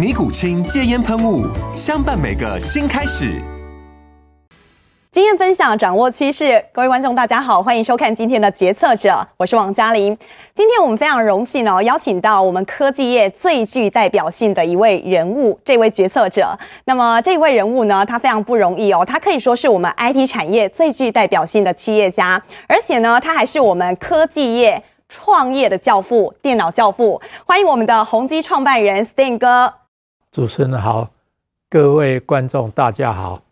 尼古清戒菸噴霧，相伴每個新開始。經驗分享，掌握趨勢。各位觀眾，大家好，歡迎收看今天的決策者，我是王嘉玲。今天我們非常榮幸哦，邀請到我們科技業最具代表性的一位人物，這位決策者。那麼這一位人物呢，他非常不容易哦，他可以說是我們 IT 產業最具代表性的企業家，而且呢，他還是我們科技業創業的教父，電腦教父。歡迎我們的宏碁創辦人 Stan 哥。主持人好，各位觀眾大家好。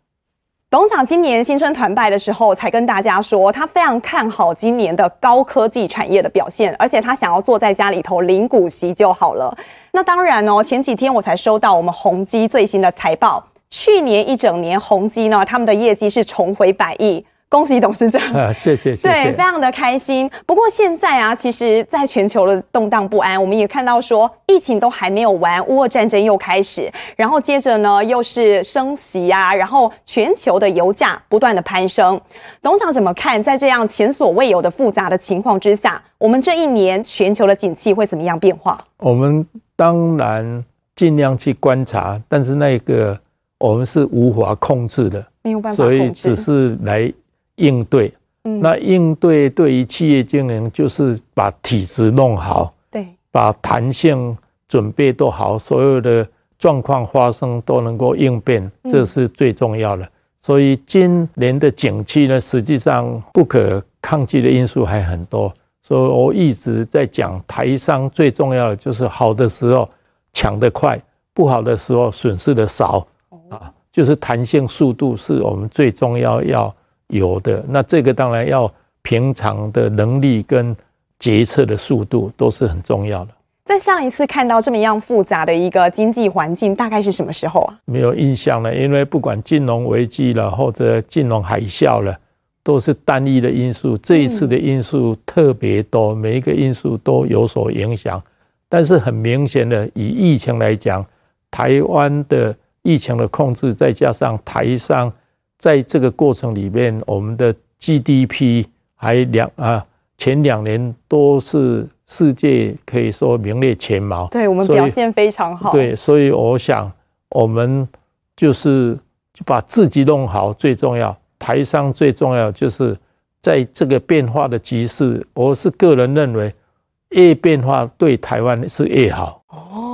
董事長今年新春團拜的時候，才跟大家說，他非常看好今年的高科技產業的表現，而且他想要坐在家裡頭領股息就好了。那當然哦，前幾天我才收到我們宏碁最新的財報，去年一整年宏碁呢，他們的業績是重回百億。恭喜董事長，謝謝，謝謝，對，非常的開心。不過現在啊，其實在全球的動盪不安，我們也看到說，疫情都還沒有完，烏俄戰爭又開始，然後接着呢又是升息啊，然後全球的油價不斷的攀升。董事長怎麼看？在這樣前所未有的複雜的情況之下，我們這一年全球的景氣會怎麼樣變化？我們當然盡量去觀察，但是那個我們是無法控制的，沒有辦法控制，所以只是來。應對，嗯，那應對對於企業經營就是把體質弄好，對，把彈性準備都好，所有的狀況發生都能夠應變，這是最重要的。所以今年的景氣呢，實際上不可抗拒的因素還很多。所以我一直在講，台商最重要的就是好的時候搶得快，不好的時候損失的少啊，就是彈性速度是我們最重要要。有的，那這個當然要平常的能力跟決策的速度都是很重要的。在上一次看到這麼樣複雜的一個經濟環境，大概是什麼時候啊？沒有印象了，因為不管金融危機了或者金融海嘯了，都是單一的因素。這一次的因素特別多，嗯、每一個因素都有所影響。但是很明顯的，以疫情來講，台灣的疫情的控制，再加上台商。在這個過程裡面，我們的 GDP 還兩啊，前兩年都是世界可以說名列前茅。對，我們表現非常好。對，所以我想我們就是把自己弄好最重要。台商最重要就是在這個變化的局勢，我是個人認為越變化對台灣是越好。哦。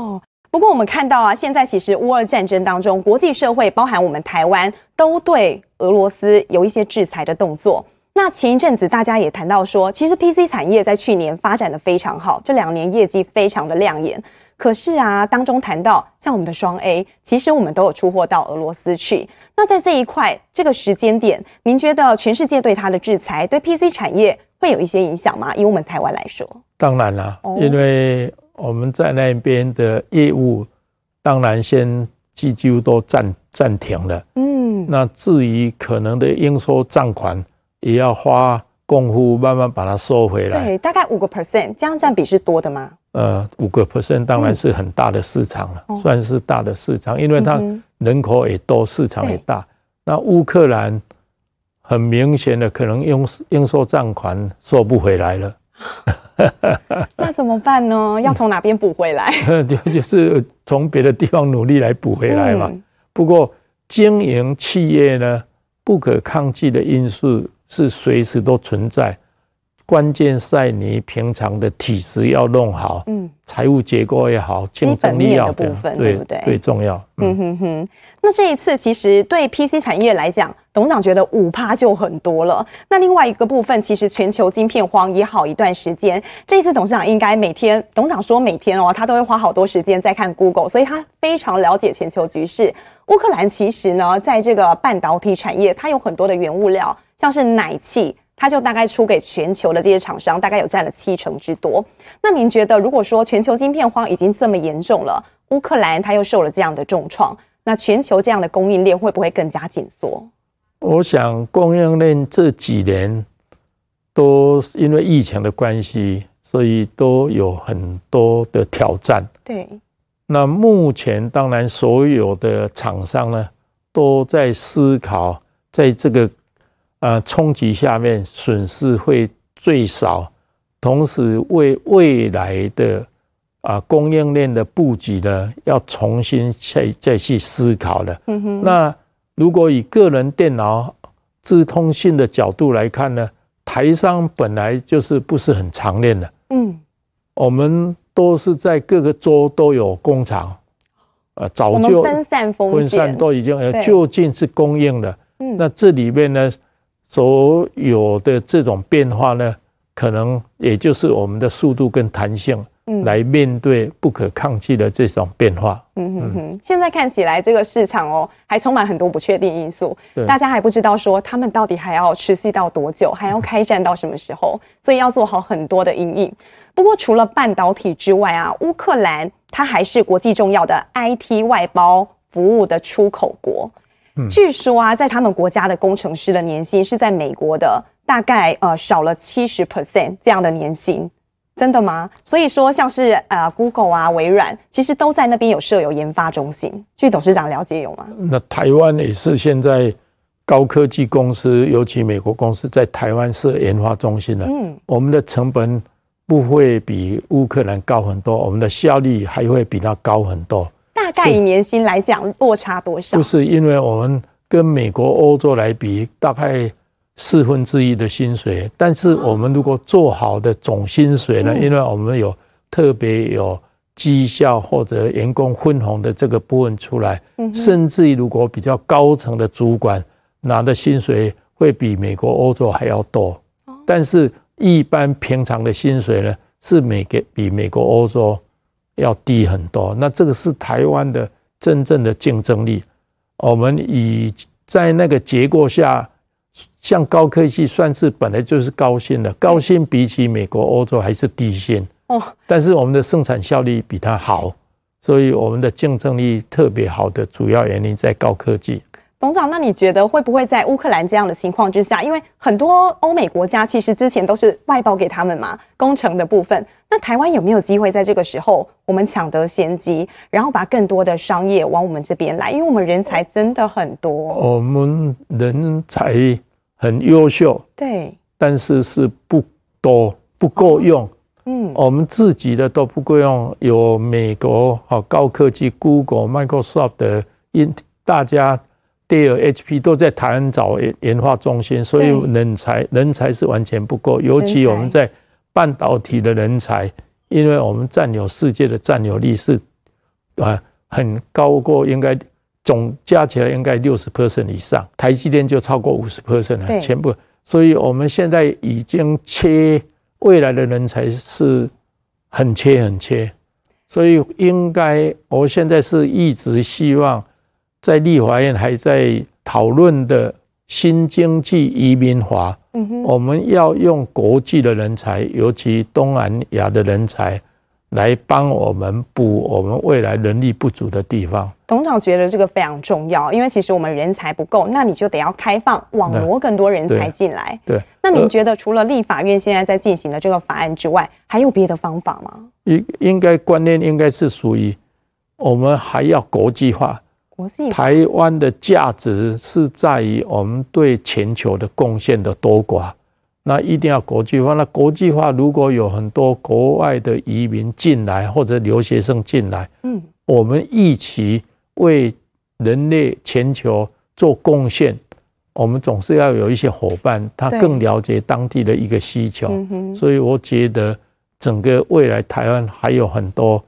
不過我們看到啊，現在其實烏俄戰爭當中，國際社會包含我們台灣，都對俄羅斯有一些制裁的動作。那前一陣子大家也談到說，其實 PC 產業在去年發展得非常好，這兩年業績非常的亮眼。可是啊，當中談到像我們的雙 A，其實我們都有出貨到俄羅斯去。那在這一塊這個時間點，您覺得全世界對它的制裁對 PC 產業會有一些影響嗎？以我們台灣來說，當然啦，因為。Oh. 我們在那邊的業務，當然先幾乎都暫暫停了。嗯，那至於可能的應收賬款，也要花功夫慢慢把它收回來。對，大概五個 percent，這樣占比是多的嗎？呃，五個 percent 當然是很大的市場了，算是大的市場，因為它人口也多，市場也大。那烏克蘭很明顯的可能應應收賬款收不回來了。 那怎麼辦呢？要從哪邊補回來？就 就是從別的地方努力來補回來嘛。不過經營企業呢，不可抗拒的因素是隨時都存在。關鍵在你平常的體質要弄好，嗯，財務結構也好，競爭力要的對，對，最重要。嗯哼哼。那這一次其實對 PC 產業來講，董事長覺得五趴就很多了。那另外一個部分，其實全球晶片荒也好一段時間。這一次董事長應該每天，董事長說每天哦，他都會花好多時間在看 Google，所以他非常了解全球局勢。烏克蘭其實呢，在這個半導體產業，它有很多的原物料，像是氖氣。它就大概出給全球的這些廠商，大概有佔了七成之多。那您覺得，如果說全球晶片荒已經這麼嚴重了，烏克蘭它又受了這樣的重創，那全球這樣的供應鏈會不會更加緊縮？我想供應鏈這幾年都因為疫情的關係，所以都有很多的挑戰。對，那目前當然所有的廠商呢都在思考，在這個。呃，衝擊下面損失會最少，同時為未來的啊供應鏈的佈局呢，要重新再再去思考了。那如果以個人電腦資通信的角度來看呢，台商本來就是不是很長鏈的。嗯，我們都是在各個州都有工廠，呃，早就分散對、嗯、分散都已經呃就近是供應了。那這裡面呢，所有的這種變化呢，可能也就是我們的速度跟彈性來面對不可抗拒的這種變化。嗯哼哼，嗯嗯嗯、現在看起來這個市場哦，還充滿很多不確定因素。對大家還不知道說他們到底還要持續到多久，還要開戰到什麼時候，嗯、所以要做好很多的因應。不過除了半導體之外啊，烏克蘭它還是國際重要的 IT 外包服務的出口國。據說啊，在他們國家的工程師的年薪是在美國的大概呃少了七十 percent 這樣的年薪，真的嗎？所以說像是啊 Google 啊微軟，其實都在那邊有設有研發中心。據董事長了解有嗎？那台灣也是現在高科技公司，尤其美國公司在台灣設研發中心的。嗯，我們的成本不會比烏克蘭高很多，我們的效率還會比它高很多。大概以年薪來講，落差多少？就是，是因為我們跟美國、歐洲來比，大概四分之一的薪水。但是我們如果做好的總薪水呢？因為我們有特別有績效或者員工分紅的這個部分出來。甚至於如果比較高層的主管拿的薪水會比美國、歐洲還要多，但是一般平常的薪水呢，是每個比美國、歐洲。要低很多，那這個是台灣的真正的競爭力。我們以在那個結構下，像高科技算是本來就是高薪的，高薪比起美國、歐洲還是低薪哦。但是我們的生產效率比它好，所以我們的競爭力特別好的主要原因在高科技。董事長，那你覺得會不會在烏克蘭這樣的情況之下，因為很多歐美國家其實之前都是外包給他們嘛，工程的部分。那台灣有沒有機會在這個時候我們搶得先機，然後把更多的商業往我們這邊來？因為我們人才真的很多，我們人才很優秀，對，但是是不多，不夠用、哦。嗯，我們自己的都不夠用，有美國好高科技 Google、Microsoft 的，因大家。Dell、HP 都在台灣找研研發中心，所以人才人才是完全不夠，尤其我們在半導體的人才，因為我們佔有世界的佔有率是啊很高過，應該總加起來應該六十 percent 以上，台積電就超過五十 percent 了，全部。所以我們現在已經缺未來的人才是很缺很缺，所以應該我現在是一直希望，在立法院還在討論的新經濟移民法，我們要用國際的人才，尤其東南亞的人才來幫我們補我們未來人力不足的地方。董事長覺得這個非常重要，因為其實我們人才不夠，那你就得要開放網羅更多人才進來。對，對，那您覺得除了立法院現在在進行的這個法案之外，還有別的方法嗎？應應該觀念應該是屬於我們還要國際化。國際化，台灣的價值是在於我們對全球的貢獻的多寡。那一定要國際化。那國際化如果有很多國外的移民進來或者留學生進來，嗯，我們一起為人類全球做貢獻。我們總是要有一些夥伴，他更了解當地的一個需求。對所以我覺得整個未來台灣還有很多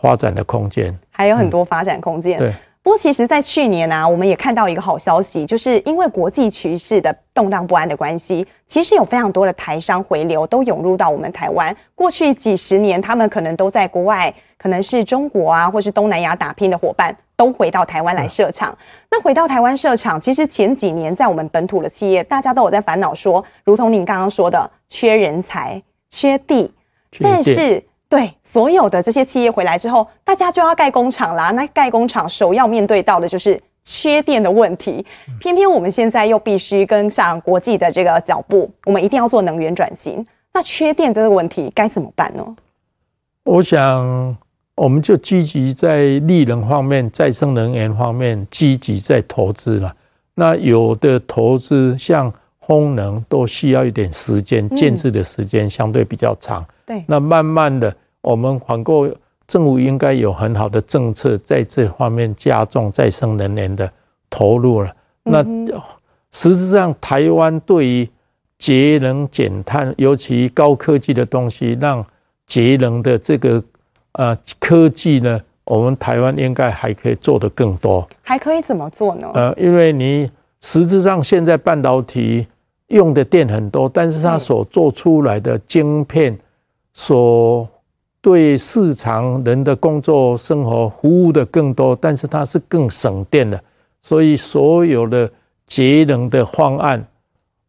發展的空間，還有很多發展空間，嗯。對。不過其實，在去年啊，我們也看到一個好消息，就是因為國際局勢的動盪不安的關係，其實有非常多的台商回流，都湧入到我們台灣。過去幾十年，他們可能都在國外，可能是中國啊，或是東南亞打拼的夥伴，都回到台灣來設廠。嗯、那回到台灣設廠，其實前幾年在我們本土的企業，大家都有在煩惱說，說如同您剛剛說的，缺人才、缺地，缺電，但是。對，所有的這些企業回來之後，大家就要蓋工廠啦。那蓋工廠首要面對到的就是缺電的問題。偏偏我們現在又必須跟上國際的這個腳步，我們一定要做能源轉型。那缺電這個問題該怎麼辦呢？我想，我們就積極在綠能方面、再生能源方面積極在投資啦。那有的投資像風能，都需要一點時間，建設的時間相對比較長。嗯對，那慢慢的，我們環購政府應該有很好的政策，在這方面加重再生能源的投入了。那實質上，台灣對於節能減碳，尤其高科技的東西，讓節能的這個呃科技呢，我們台灣應該還可以做得更多。還可以怎麼做呢？呃，因為你實質上現在半導體用的電很多，但是它所做出來的晶片所對市場人的工作生活服務的更多，但是它是更省電的，所以所有的節能的方案，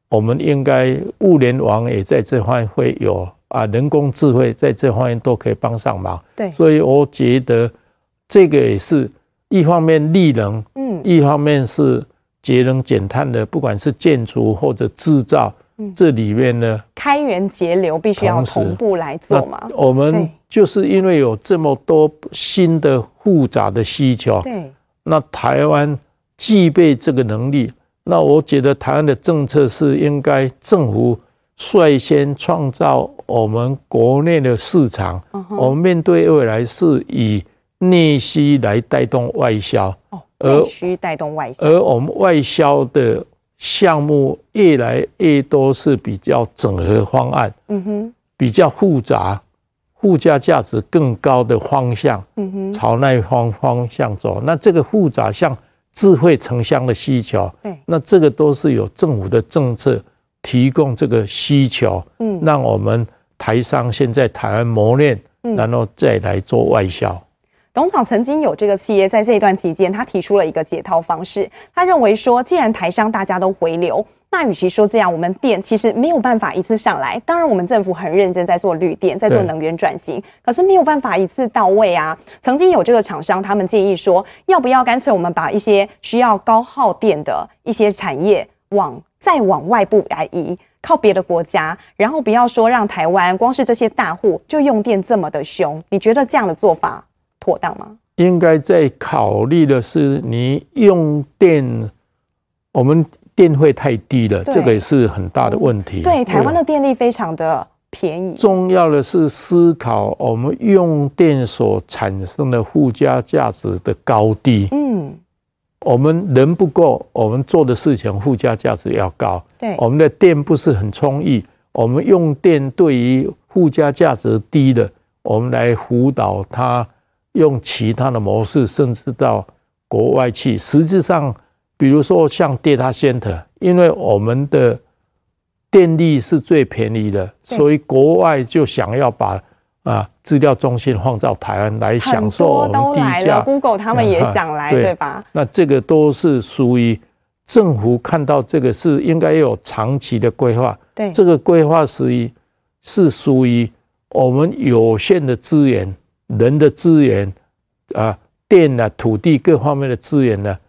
我們應該物聯網也在這方面會有啊，人工智慧在這方面都可以幫上忙。所以我覺得這個也是一方面利能，一方面是節能減碳的，不管是建築或者製造。這裡面呢，開源節流必須要同步來做嘛。我們就是因為有這麼多新的複雜的需求，對，那台灣具備這個能力，那我覺得台灣的政策是應該政府率先創造我們國內的市場。我們面對未來是以內需來帶動外銷，哦，內需帶動外銷，而我們外銷的項目。越來越多是比較整合方案，嗯哼，比較複雜、附加價值更高的方向，嗯哼，朝那一方方向走。那這個複雜，像智慧城鄉的需求，對，那這個都是有政府的政策提供這個需求，嗯，讓我們台商先在台灣磨練，然後再來做外銷。嗯嗯嗯、董廠曾經有這個企業，在這一段期間，他提出了一個解套方式，他認為說，既然台商大家都回流。那與其說這樣，我們電其實沒有辦法一次上來。當然，我們政府很認真在做綠電，在做能源轉型，對可是沒有辦法一次到位啊。曾經有這個廠商，他們建議說，要不要乾脆我們把一些需要高耗電的一些產業往，再往外部來移，靠別的國家，然後不要說讓台灣光是這些大戶就用電這麼的兇。你覺得這樣的做法妥當嗎？應該在考慮的是，你用電我們。電費太低了，對這個也是很大的問題，哦。對，台灣的電力非常的便宜。重要的是思考我們用電所產生的附加價值的高低。嗯，我們人不夠，我們做的事情附加價值要高。對，我們的電不是很充裕，我們用電對於附加價值低的，我們來輔導他用其他的模式，甚至到國外去。實際上。比如說像 Data Center，因為我們的電力是最便宜的，所以國外就想要把啊資料中心放到台灣來享受我們低價。Google 他們也想來，對吧？那這個都是屬於政府看到這個是應該有長期的規劃。這個規劃，是屬於我們有限的資源、人的資源啊、電啊、土地各方面的資源呢。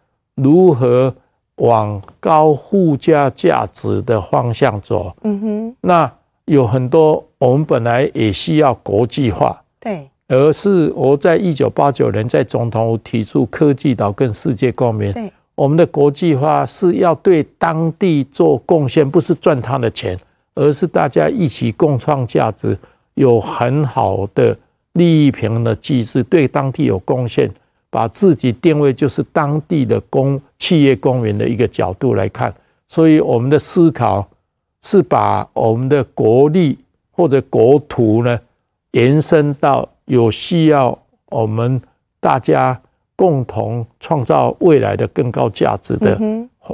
如何往高附加價值的方向走，mm？嗯哼，那有很多，我們本來也需要國際化。對，而是我在一九八九年在總統提出科技島跟世界共勉，對，我們的國際化是要對當地做貢獻，不是賺他的錢，而是大家一起共創價值，有很好的利益平衡的機制，對當地有貢獻。把自己定位就是當地的公企業公民的一個角度來看，所以我們的思考是把我們的國力或者國土呢延伸到有需要我們大家共同創造未來的更高價值的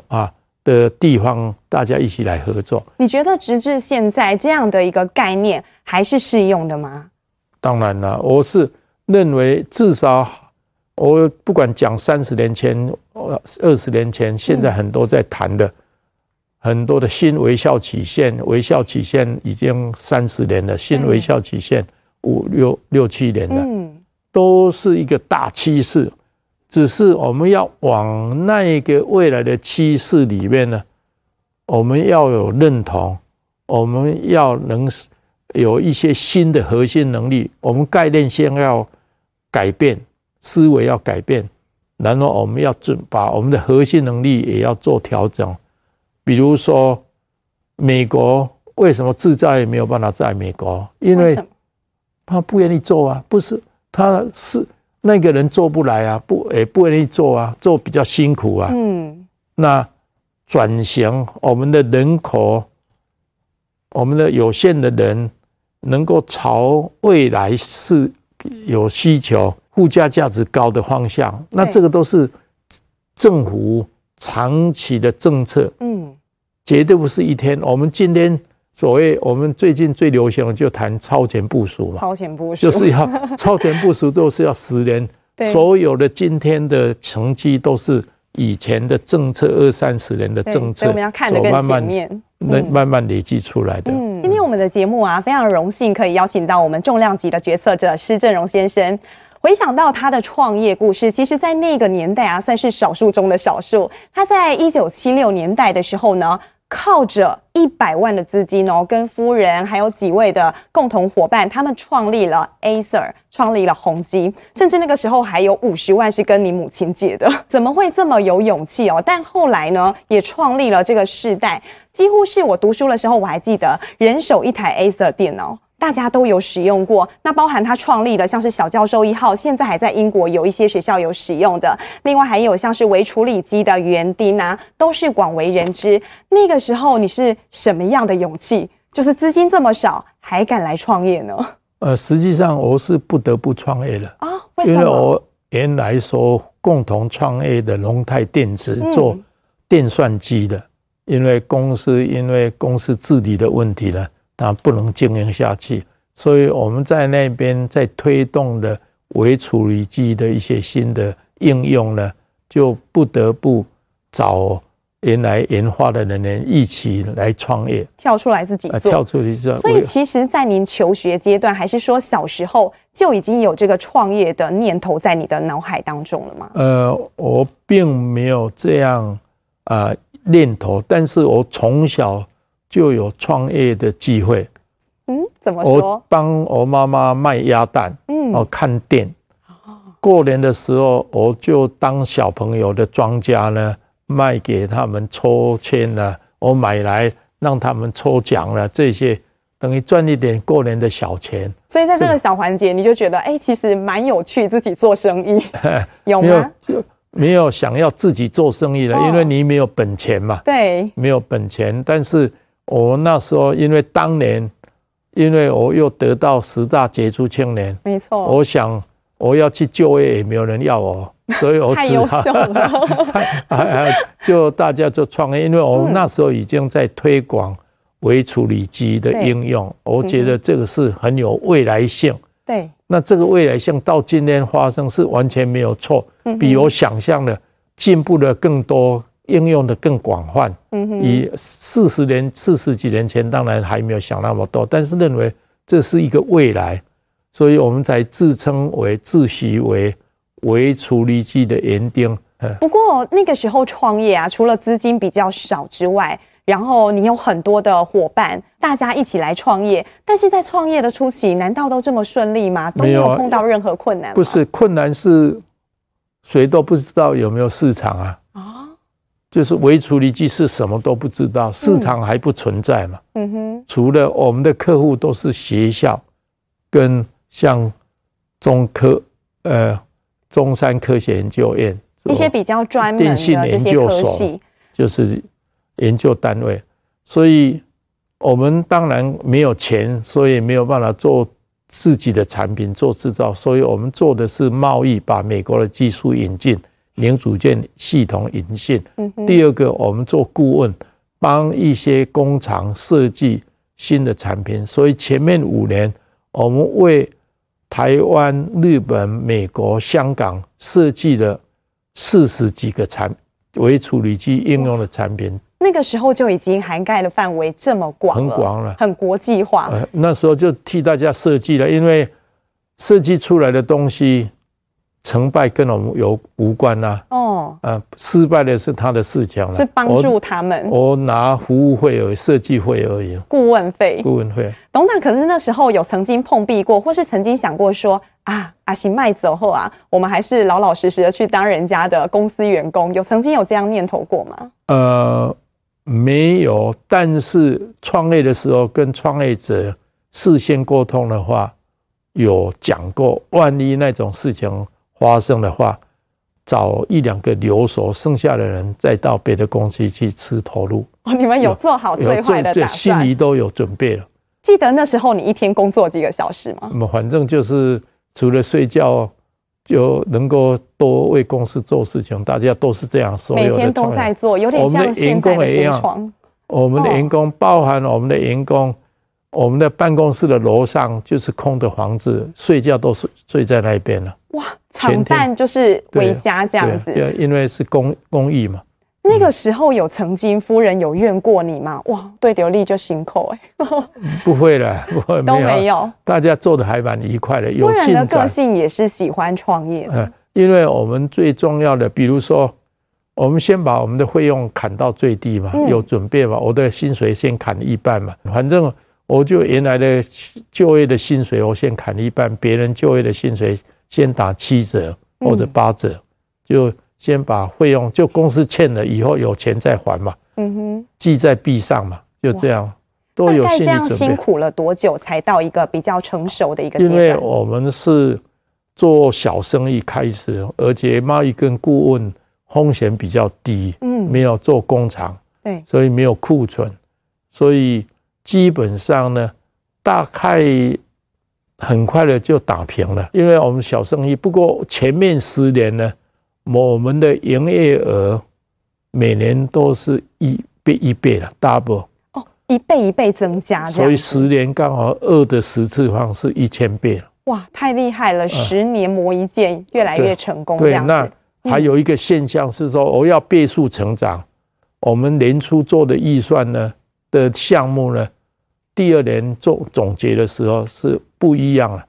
啊的地方，大家一起來合作。你覺得直至現在這樣的一個概念還是適用的嗎？當然了，我是認為至少。我不管講三十年前，呃，二十年前，現在很多在談的，嗯、很多的新微笑曲線。微笑曲線已經三十年了，新微笑曲線五六六七年了，嗯、都是一個大趨勢，只是我們要往那一個未來的趨勢裡面呢，我們要有認同，我們要能有一些新的核心能力，我們概念先要改變。思維要改變，然後我們要準把我們的核心能力也要做調整。比如說，美國為什麼製造也沒有辦法在美國？因為他不願意做啊，不是他是那個人做不來啊，不也不願意做啊，做比較辛苦啊。那轉型，我們的人口，我們的有限的人，能夠朝未來是有需求。附加價值高的方向，那這個都是政府長期的政策，嗯，絕對不是一天。我們今天所謂我們最近最流行的，就談超前部署，超前部署就是要超前部署，都是要十年。所有的今天的成績都是以前的政策，二三十年的政策，所我們要看的更全面，慢慢累積出來的。今天我們的節目啊，非常榮幸可以邀請到我們重量級的決策者施振榮先生。回想到他的創業故事，其實，在那個年代啊，算是少數中的少數。他在一九七六年代的時候呢，靠着一百萬的資金哦，跟夫人還有幾位的共同夥伴，他們創立了 Acer，創立了宏碁。甚至那個時候還有五十萬是跟你母親借的，怎麼會這麼有勇氣哦？但後來呢，也創立了這個世代。幾乎是我讀書的時候，我還記得人手一台 Acer 電腦。大家都有使用過，那包含他創立的，像是小教授一號，現在還在英國有一些學校有使用的。另外還有像是微處理機的園丁吶，都是廣為人知。那個時候你是什麼樣的勇氣？就是資金這麼少，還敢來創業呢？呃，實際上我是不得不創業了啊，哦、為什麼？因為我原來說共同創業的龍泰電子做電算機的，嗯、因為公司因為公司治理的問題呢。它不能經營下去，所以我們在那邊在推動的微處理機的一些新的應用呢，就不得不找原來研發的人員一起來創業，跳出來自己，跳出來做。所以，其實，在您求學階段，還是說小時候就已經有這個創業的念頭在你的腦海當中了嗎？了嗎？呃，我並沒有這樣啊、呃、念頭，但是我從小。就有創業的機會，嗯，怎麼說？我幫我媽媽賣鴨蛋，嗯，我看店，過年的時候我就當小朋友的莊家呢，賣給他們抽籤了，我買來讓他們抽獎了，這些等於賺一點過年的小錢。所以在這個小環節，你就覺得哎，其實蠻有趣，自己做生意有嗎？沒有想要自己做生意了，因為你沒有本錢嘛，對，沒有本錢，但是。我那時候，因為當年，因為我又得到十大傑出青年，沒錯 錯，我想我要去就業也沒有人要我，所以，我只。太優秀了 就大家就創業，因為我那時候已經在推廣微處理機的應用，嗯、我覺得這個是很有未來性。對，那這個未來性到今天發生是完全沒有錯，比我想象的進步了更多。應用的更廣泛。以四十年，四十幾年前，當然還沒有想那麼多，但是認為這是一個未來，所以我們才自稱為自詡為微處理機的園丁。不過那個時候創業啊，除了資金比較少之外，然後你有很多的夥伴，大家一起來創業。但是在創業的初期，難道都這麼順利嗎？都沒有碰到任何困難？不是困難是，誰都不知道有沒有市場啊。就是微處理器是什麼都不知道，市場還不存在嘛。嗯哼，除了我們的客戶都是學校，跟像中科、呃中山科學研究院一些比較專門的電信研究所，就是研究單位。所以我們當然沒有錢，所以沒有辦法做自己的產品做製造，所以我們做的是貿易，把美國的技術引進。零組件系統引進。嗯、哼第二個，我們做顧問，幫一些工廠設計新的產品。所以前面五年，我們為台灣、日本、美國、香港設計了四十幾個產為處理機應用的產品。那個時候就已經涵蓋的範圍這麼廣，很廣了，很國際化、呃。那時候就替大家設計了，因為設計出來的東西。成敗跟我們有無關吶。哦，呃，失敗的是他的事情了。是幫助他們。我拿服務費、設計費而已。顧問費，顧問費。董事長，可是那時候有曾經碰壁過，或是曾經想過說啊，阿信賣走後啊，我們還是老老實實的去當人家的公司員工，有曾經有這樣念頭過嗎？呃，沒有。但是創業的時候跟創業者事先溝通的話，有講過，萬一那種事情。發生的話，找一兩個留守，剩下的人再到別的公司去吃頭路。哦。你們有做好最壞的打算？心裡都有準備了。記得那時候你一天工作幾個小時嗎？我們反正就是除了睡覺，就能夠多為公司做事情。大家都是這樣，所有的每天都在做，有點像的我們的員工一樣。哦、我們的員工包含我們的員工，我們的辦公室的樓上就是空的房子，睡覺都是睡,睡在那邊了。哇！常伴，就是回家這樣子，對，因為是公公益嘛。那個時候，有曾經夫人有怨過你嗎？哇，對劉就辛苦，不會了，不會都沒有。大家做得還蠻愉快的，夫人的個性也是喜歡創業的。嗯，因為我們最重要的，比如說，我們先把我們的費用砍到最低嘛，有準備嘛，我的薪水先砍一半嘛，反正我就原來的就業的薪水我先砍一半，別人就業的薪水，先打七折或者八折，嗯、就先把費用就公司欠了以後有錢再還嘛。嗯哼，記在壁上嘛，就這樣，哇 都有心理準備。大概這樣辛苦了多久才到一個比較成熟的一個階段？因為我們是做小生意開始，而且貿易跟顧問風險比較低，沒有做工廠，嗯、對 所以沒有庫存，所以基本上呢，大概。很快的就打平了，因為我們小生意。不過前面十年呢，我們的營業額每年都是一倍一倍了，double 哦，一倍一倍增加，所以十年剛好二的十次方是一千倍了。哇，太厲害了！嗯、十年磨一劍，越來越成功。對，對，那還有一個現象是說，我要倍數成長，嗯、我們年初做的預算呢的項目呢，第二年做總結的時候是。不一樣了，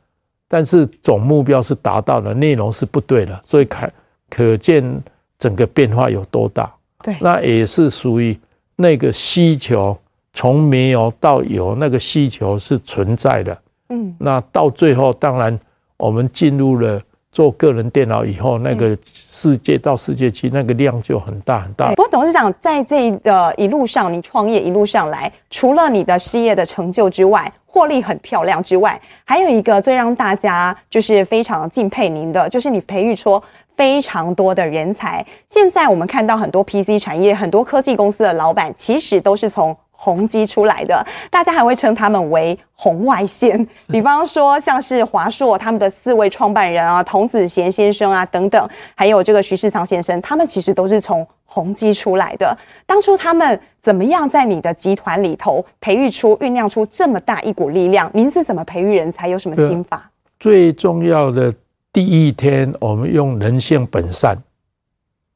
但是總目標是達到了，內容是不對的。所以看可見整個變化有多大。對，那也是屬於那個需求從沒有到有，那個需求是存在的。嗯，那到最後，當然我們進入了做個人電腦以後，那個。世界到世界級那個量就很大很大，不過董事長在這呃一路上，你創業一路上來，除了你的事業的成就之外，獲利很漂亮之外，還有一個最讓大家就是非常敬佩您的，就是你培育出非常多的人才。現在我們看到很多 PC 產業、很多科技公司的老闆，其實都是從宏碁出來的，大家還會稱他們為紅外線。比是的 方說，像是華碩他們的四位創辦人啊，童子賢先生啊等等，還有這個徐世昌先生，他們其實都是從宏碁出來的。當初他們怎麼樣在你的集團裡頭培育出、醞釀出這麼大一股力量？您是怎麼培育人才？有什麼心法？呃、最重要的第一天，我們用人性本善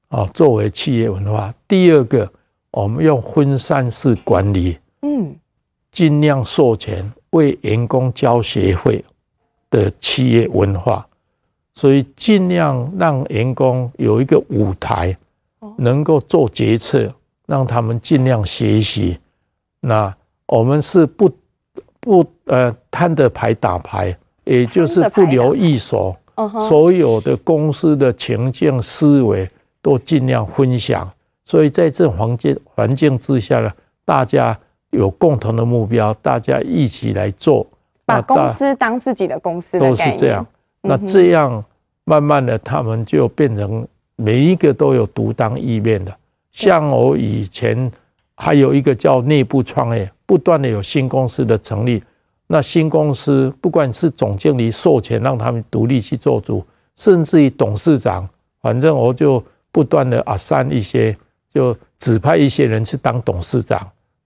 啊、哦、作為企業文化。第二個。我們用分散式管理，嗯，盡量授權，為員工交學費的企業文化，所以盡量讓員工有一個舞台，能夠做決策，讓他們盡量學習。那我們是不不呃攤著牌打牌，也就是不留一手，所有的公司的情境思維都盡量分享。所以在這環境環境之下呢，大家有共同的目標，大家一起來做，把公司當自己的公司，都是這樣。那這樣慢慢的，他們就變成每一個都有獨當一面的。像我以前還有一個叫內部創業，不斷的有新公司的成立。那新公司不管是總經理授權讓他們獨立去做主，甚至於董事長，反正我就不斷的啊散一些。就指派一些人去當董事長，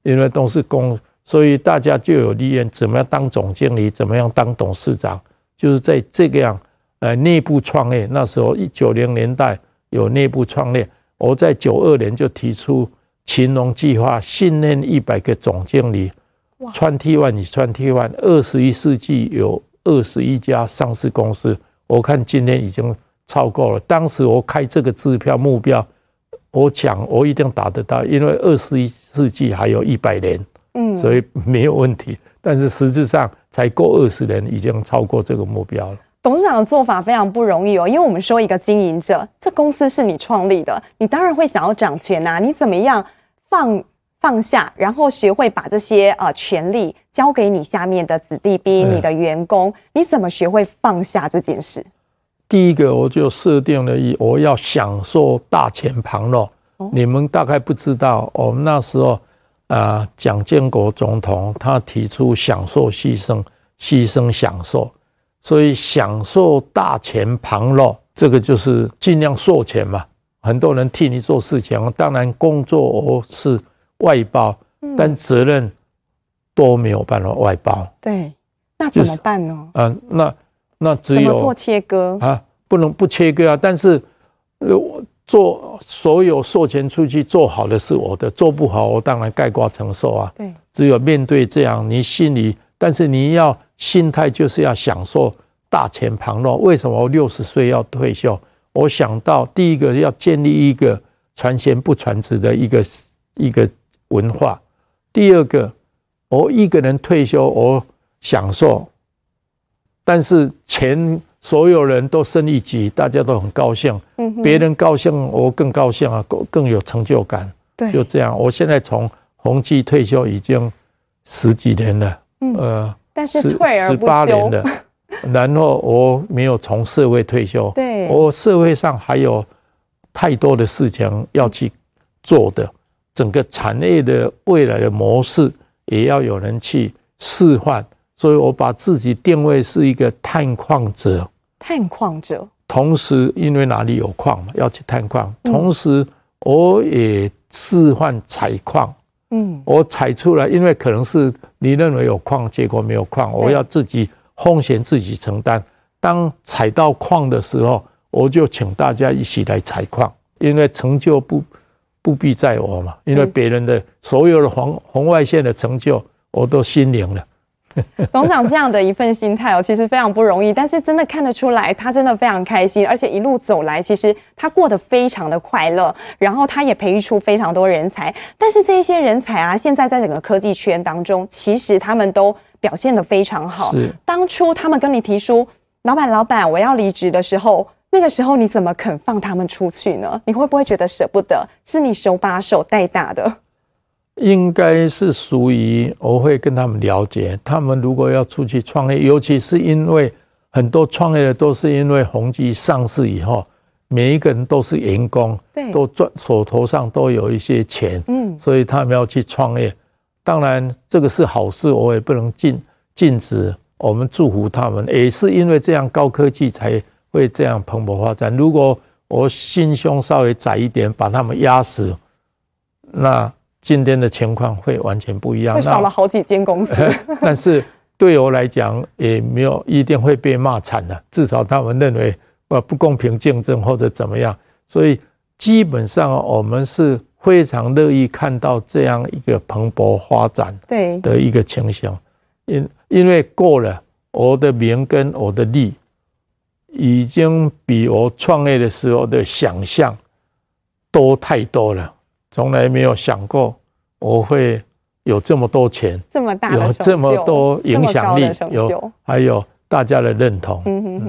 因為都是公司，所以大家就有利益。怎麼樣當總經理？怎麼樣當董事長？就是在這個樣，呃，內部創業。那時候一九零年代有內部創業，我在九二年就提出“勤龍計劃”，訓練一百個總經理，Twenty-one in Twenty-one。二十一世紀有二十一家上市公司，我看今天已經超過了。當時我開這個支票目標。我講，我一定達得到，因為二十一世紀還有一百年，嗯，所以沒有問題。但是實質上才過二十年，已經超過這個目標了、嗯。董事長的做法非常不容易哦，因為我們說一個經營者，這公司是你創立的，你當然會想要掌權啊。你怎麼樣放放下，然後學會把這些呃權力交給你下面的子弟兵、哎、呦你的員工？你怎麼學會放下這件事？第一個，我就設定了，我要享受大權旁落。你們大概不知道，我們那時候啊，蔣經國總統他提出享受犧牲，犧牲享受，所以享受大權旁落，這個就是盡量授權嘛。很多人替你做事情，當然工作我是外包，但責任都沒有辦法外包。對，那怎麼辦呢？嗯，那。那只有能做切割啊，不能不切割啊！但是，我、呃、做所有授權出去，做好的是我的，做不好我當然概括承受啊。對，只有面對這樣，你心裡，但是你要心態就是要享受大權旁落。為什麼我六十歲要退休？我想到第一個要建立一個傳賢不傳子的一個一個文化。第二個，我一個人退休，我享受。但是錢，所有人都升一級，大家都很高興。別人高興，我更高興啊，更更有成就感。嗯、哼對，就這樣。我現在從宏碁退休已經十幾年了，呃，十十八年了。然後我沒有從社會退休。對，我社會上還有太多的事情要去做的，整個產業的未來的模式也要有人去示範。所以，我把自己定位是一個探礦者，探礦者。同時，因為哪裡有礦嘛，要去探礦。同時，我也示範採礦。嗯，我採出來，因為可能是你認為有礦，結果沒有礦，我要自己風險自己承擔。當採到礦的時候，我就請大家一起來採礦，因為成就不不必在我嘛，因為別人的所有的紅紅外線的成就，我都心領了。 董事長這樣的一份心態哦，其實非常不容易，但是真的看得出來，他真的非常開心，而且一路走來，其實他過得非常的快樂，然後他也培育出非常多人才。但是這一些人才啊，現在在整個科技圈當中，其實他們都表現得非常好。是，當初他們跟你提出“老闆，老闆，我要離職”的時候，那個時候你怎麼肯放他們出去呢？你會不會覺得捨不得？是你手把手帶大的？應該是屬於我會跟他們了解，他們如果要出去創業，尤其是因為很多創業的都是因為宏碁上市以後，每一個人都是員工，都賺手頭上都有一些錢，所以他們要去創業。當然，這個是好事，我也不能禁禁止。我們祝福他們，也是因為這樣高科技才會這樣蓬勃發展。如果我心胸稍微窄一點，把他們壓死，那。今天的情況會完全不一樣，少了好幾間公司。但是對我來講，也沒有一定會被罵慘的。至少他們認為，呃，不公平競爭或者怎麼樣。所以基本上，我們是非常樂意看到這樣一個蓬勃發展對的一個情形。因因為過了，我的名跟我的利，已經比我創業的時候的想象多太多了。從來沒有想過我會有這麼多錢，這麼大，有這麼多影響力，有還有大家的認同。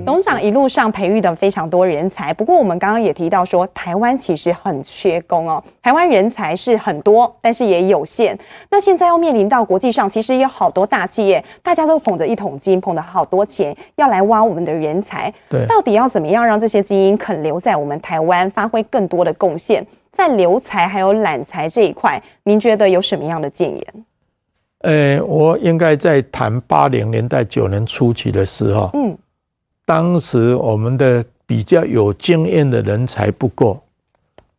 董事長一路上培育的非常多人才，對不過我們剛剛也提到說，台灣其實很缺工哦。台灣人才是很多，但是也有限。那現在要面臨到國際上，其實有好多大企業，大家都捧着一桶金，捧着好多錢，要來挖我們的人才。對，到底要怎麼樣讓這些精英肯留在我們台灣，發揮更多的貢獻？在留才還有攬才這一塊，您覺得有什麼樣的建言？欸，我應該在談八零年代九年初期的時候，嗯，當時我們的比較有經驗的人才不夠，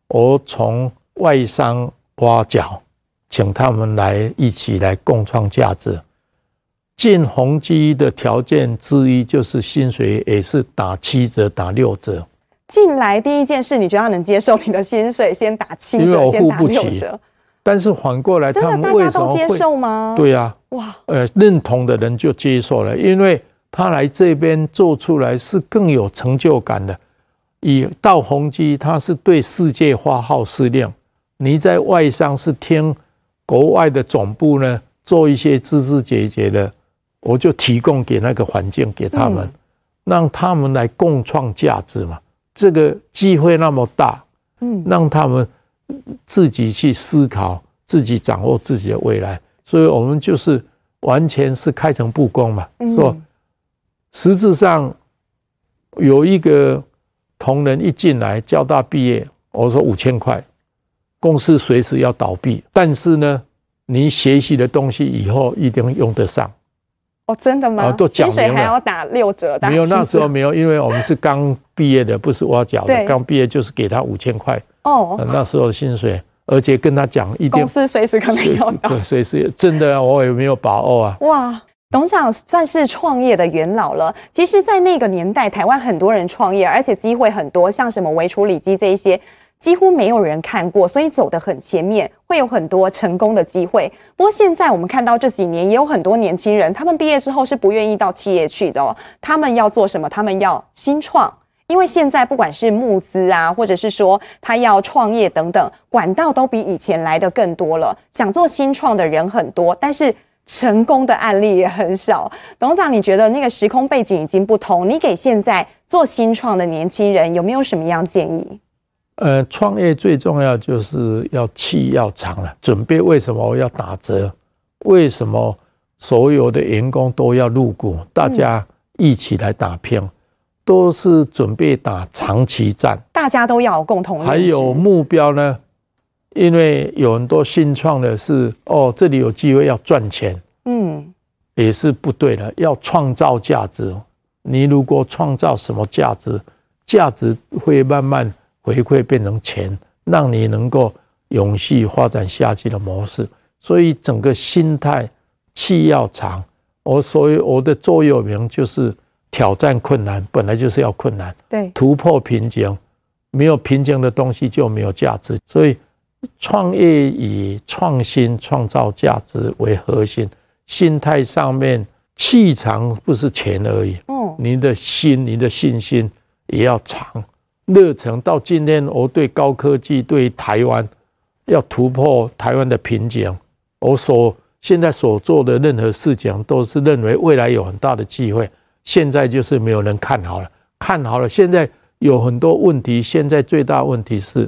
我從外商挖角，請他們來一起來共創價值。進宏碁的條件之一就是薪水也是打七折，打六折。進來第一件事，你覺得他能接受你的薪水？先打七折，先打六折。但是反過來他們，真的大家都接受嗎？對啊。哇，呃，認同的人就接受了，因為他來這邊做出來是更有成就感的。以到宏碁，他是對世界發號施令。你在外商是聽國外的總部呢，做一些枝枝節節的，我就提供給那個環境給他們，嗯、讓他們來共創價值嘛。這個機會那麼大，嗯，讓他們自己去思考，自己掌握自己的未來。所以，我們就是完全是開誠布公嘛，說實質上有一個同仁一進來，交大畢業，我說五千塊，公司隨時要倒閉，但是呢，你學習的東西以後一定用得上。哦，oh, 真的嗎？啊、薪水還要打六折的？折，沒有，那時候沒有，因為我們是剛畢業的，不是挖角的。 對剛畢業就是給他五千塊哦、oh, 呃，那時候的薪水，而且跟他講一點公司隨時可能要倒，隨時真的我也沒有把握啊。哇，董事長算是創業的元老了。其實，在那個年代，台灣很多人創業，而且機會很多，像什麼微處理機這一些。幾乎沒有人看過，所以走得很前面，會有很多成功的機會。不過現在我們看到這幾年也有很多年輕人，他們畢業之後是不願意到企業去的哦，他們要做什麼？他們要新創，因為現在不管是募資啊，或者是說他要創業等等，管道都比以前來得更多了。想做新創的人很多，但是成功的案例也很少。董事長，你覺得那個時空背景已經不同，你給現在做新創的年輕人有沒有什麼樣建議？呃，創業最重要就是要氣要長了，準備。為什麼我要打折？為什麼所有的員工都要入股？大家一起來打拼，都是準備打長期戰。大家都要共同，還有目標呢？因為有很多新創的是哦，這裡有機會要賺錢，嗯，也是不對的。要創造價值，你如果創造什麼價值，價值會慢慢。回饋變成錢，讓你能夠永續發展下去的模式。所以整個心態，氣要長。我所以我的座右銘就是挑戰困難，本來就是要困難。對，突破瓶頸，沒有瓶頸的東西就沒有價值。所以創業以創新創造價值為核心，心態上面氣長不是錢而已。嗯，你的心，你的信心也要長。熱誠到今天，我對高科技、對台灣要突破台灣的瓶頸，我所現在所做的任何事情，都是認為未來有很大的機會。現在就是沒有人看好了，看好了，現在有很多問題。現在最大問題是，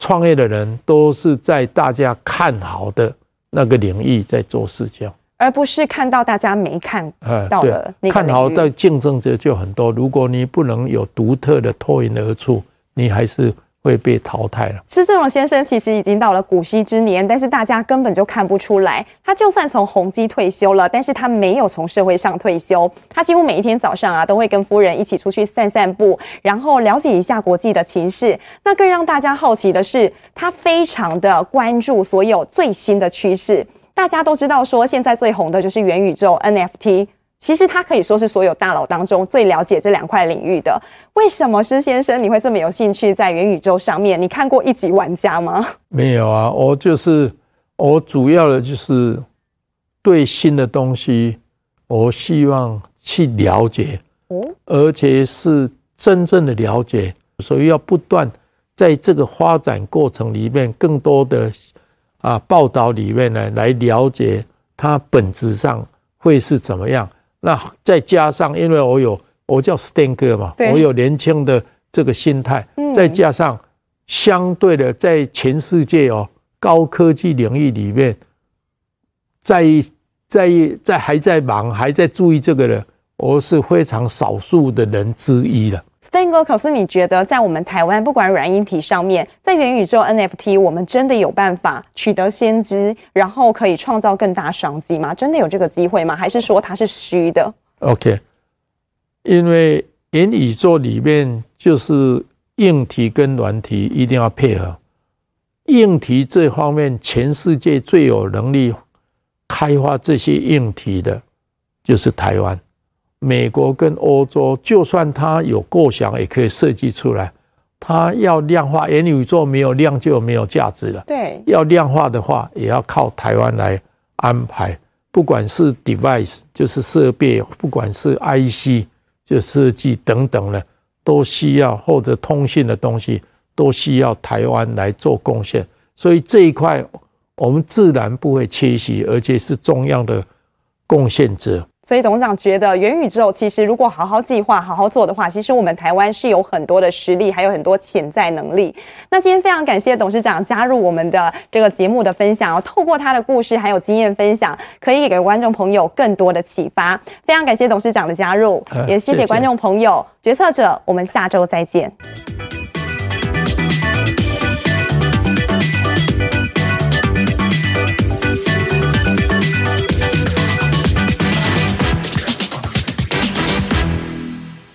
創業的人都是在大家看好的那個領域在做事情。而不是看到大家沒看到的，看好的，競爭者就很多。如果你不能有獨特的脫穎而出，你還是會被淘汰了。施振榮先生其實已經到了古稀之年，但是大家根本就看不出來。他就算從宏碁退休了，但是他沒有從社會上退休。他幾乎每一天早上啊，都會跟夫人一起出去散散步，然後了解一下國際的情勢。那更讓大家好奇的是，他非常的關注所有最新的趨勢。大家都知道，說現在最紅的就是元宇宙 NFT。其實它可以說是所有大佬當中最了解這兩塊領域的。為什麼施先生你會這麼有興趣在元宇宙上面？你看過一級玩家嗎？沒有啊，我就是我主要的就是對新的東西，我希望去了解哦，而且是真正的了解，所以要不斷在這個發展過程裡面更多的。啊，報道裡面呢，來了解它本質上會是怎麼樣。那再加上，因為我有我叫 Stan 哥嘛，我有年輕的這個心態，再加上相對的，在全世界哦，高科技領域裡面，在在在還在忙還在注意這個人，我是非常少數的人之一了。那可是你覺得，在我們台灣，不管軟硬體上面，在元宇宙 NFT，我們真的有辦法取得先知，然後可以創造更大商機嗎？真的有這個機會嗎？還是說它是虛的？OK，因為元宇宙裡面就是硬體跟軟體一定要配合，硬體這方面全世界最有能力開發這些硬體的，就是台灣。美國跟歐洲，就算它有構想，也可以設計出來。它要量化，暗宇宙沒有量就沒有價值了。對，要量化的話，也要靠台灣來安排。不管是 device，就是設備，不管是 IC，就是設計等等的，都需要或者通信的東西，都需要台灣來做貢獻。所以這一塊，我們自然不會缺席，而且是重要的貢獻者。所以董事長覺得，元宇宙其實如果好好計劃、好好做的話，其實我們台灣是有很多的實力，還有很多潛在能力。那今天非常感謝董事長加入我們的這個節目的分享哦，透過他的故事還有經驗分享，可以給觀眾朋友更多的啟發。非常感謝董事長的加入，呃、也謝謝，謝，謝觀眾朋友、決策者，我們下周再見。